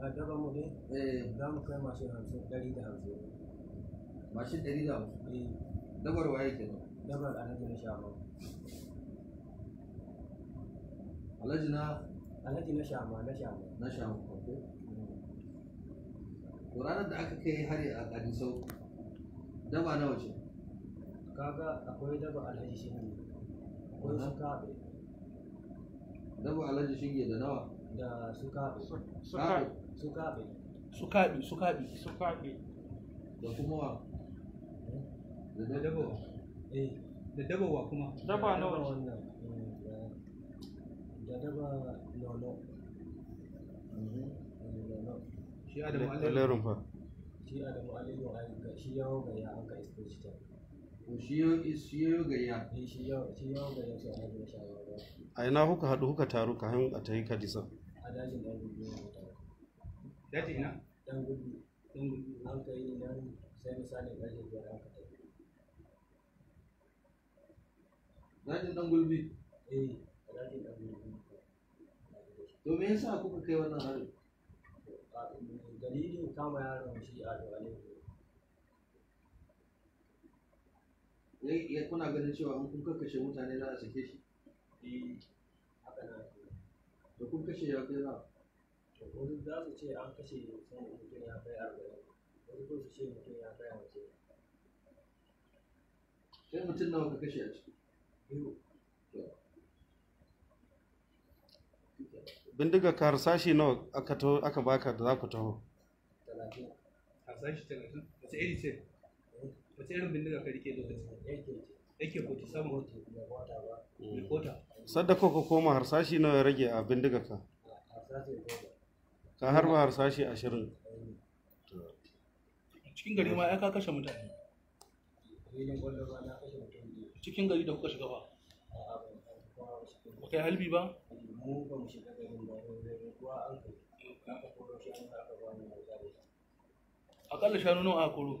a daga eh. za mu kai mashin hamsin ɗari da hamsin mashin ɗari da hamsin eh. dabar waye ke dabar alhaji na shama alhaji na alhaji na na na da aka kai hari a sau? daba nawa ce kaga akwai daba alhaji shi ne akwai su kaɓe dabu alhaji shige da nawa da sukaɓe sukaɓe sukaɓe sukaɓe sukaɓe da kuma wa da dabawa eh da wa kuma daba nawa wannan da daba nono shi adamu alaihi wa alilu shi adamu alaihi wa alilu shi yawo ga ya aka iskoci ta a ina kuka haɗu kuka taru ka hanyar a ta yi kadisa a dajin dan gudu daji ina dan gudu dan gudu an ka yi nan sai misalin dajin da an ka tafi dajin dan gulbi eh dajin dan gulbi to me yasa kuka kai wannan harin dalilin kama yaron shi a da ya kuna ganin cewa an kun kakkashe mutane za a sake shi da eh, kun kashe ya kai za Wani za su ce an kashe sai mutum ya kai arba'in wasu ko su ce mutum ya kai wace Sai mutum nawa ka kashe a ciki biyu bindiga ka harsashi nawa aka baka da za ku taho talatin harsashi talatin wace ce sadda koko koma harsashi na ya rage a bindiga ka ka harba harsashi ashirin cikin gari ma ya ka kashe mutane cikin gari da kuka shiga ba kai halbi ba akalla shanu nawa a koro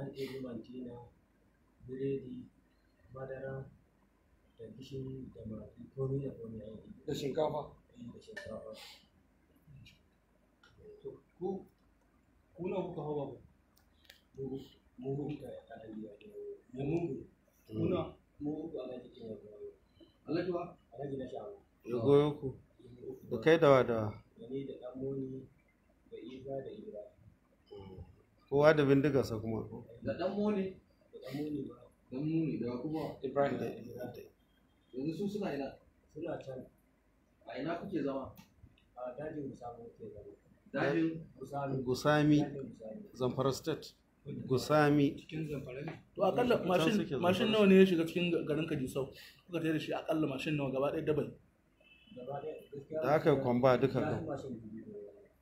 an ɗebi maltina, biredi, madara da gishiri da magi komi da komi yi. Da shinkafa? Eh, da shinkafa. Ku kuna kuka hawa ku? Mu mu ya alaji a ne. Mu mu kuna mu ku alaji ke na Ya goyo ku. Da kai dawa dawa. Da ni da moni da isa da kowa da bindigarsa kuma da dan mone da mone ba dan mone da kuma ibrahim da yanzu suna ina suna can a ina kuke zama a dajin musami kuke zama dajin musami gusami zamfara state gusami cikin zamfara ne to akalla mashin mashin nawa ne ya shiga cikin garin Kaji Sau? kuka tare da shi akalla mashin nawa gaba ɗaya dabai da haka kwamba duka ga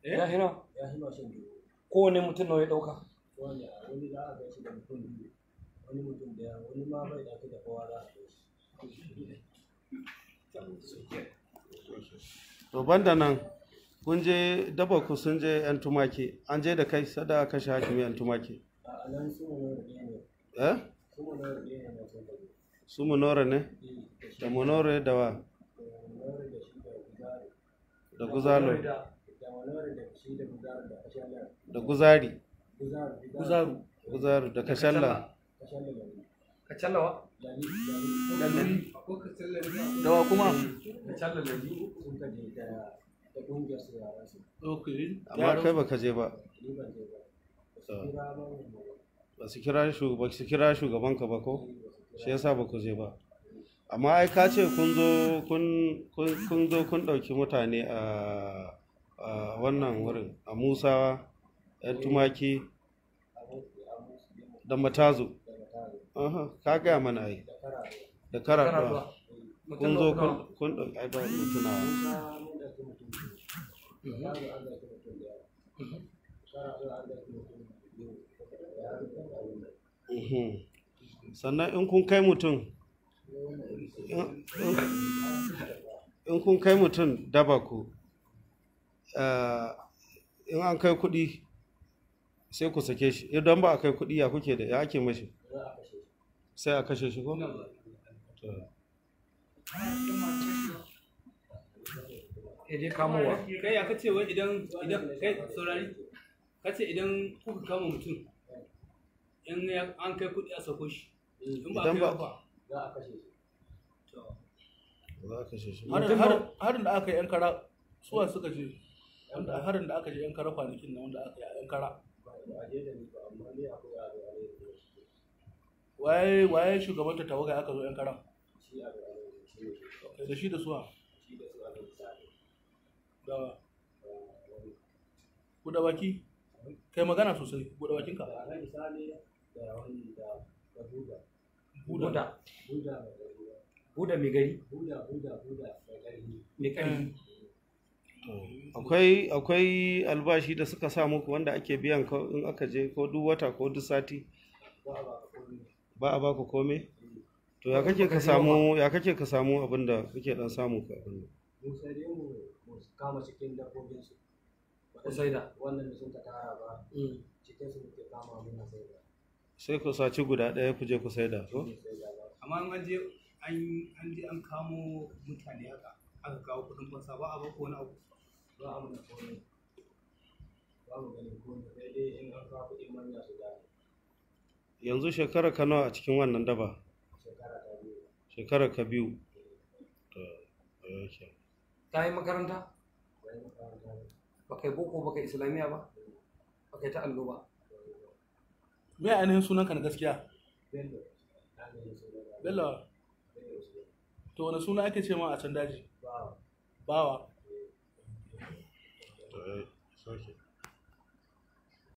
ya hira ya hira mashin dubu kowane mutum nawa ya ɗauka wani za a gaci da mutum biyu wani mutum da wani ma bai da da kowa za a to banda nan kun je daba ku sun je yan tumaki an je da kai sada aka shi hakimi yan tumaki eh su munore ne eh, da munore da wa da guzalo da guzari guzaru guzaru da kashalla kashalla wa da wa kuma kashalla da laluri sun ka je da da dungiyar su yaran su okay amma kai baka je ba ba su kira shugaban su kira shugaban ka ba ko shi yasa ba ku je ba amma ai ka ce kun zo kun kun zo kun dauki mutane a uh, a wannan wurin a musa yan tumaki da matazo ka gaya mana yi. da karatu kun zo kun ɗauki ai ba mutuna sannan in kun kai mutum in kun kai mutum daba ku Eh, in an kai kuɗi sai ku sake shi idan ba a kai kuɗi ya kuke da ya ake mashi sai a kashe shi ko? je kamowa kai ya kace wai idan idan kai saurari kace idan kuka kama mutum in an kai kuɗi a sako shi in ba kai ba za a kashe shi za a kashe shi har da aka yi yan kara suwa suka ce wanda harin da aka je yan kara kwanakin na wanda aka yi yan kara waye waye shugaban ta tawaga aka zo yan kara da shi da suwa da buɗe baki kai magana sosai buɗe bakinka buda buda mai gari buda buda buda mai gari akwai akwai albashi da suka sa muku wanda ake biyan in aka je ko duk wata ko duk sati ba a baku kome to ya kake ka samu ya kake ka samu abin da kake dan samu ka abin nan mu kama cikin dabbobin su sai da wannan sun ka tara ba mm. cikin su ke kama muna saida sai sai ku saci guda daya ku je ku sai da to amma an je an an kamo mutane haka aka kawo kuɗin fansa ba a ba ko wani abu a muna mu sai dai in an manya su gane yanzu shekara ka nawa a cikin wannan daba shekara ka biyu ta yi makaranta ba kai boko ba kai islamiyya ba ba kai ta allo ba me ainihin ka na gaskiya bello to wani suna ake ce ma a can daji bawa 对，所以。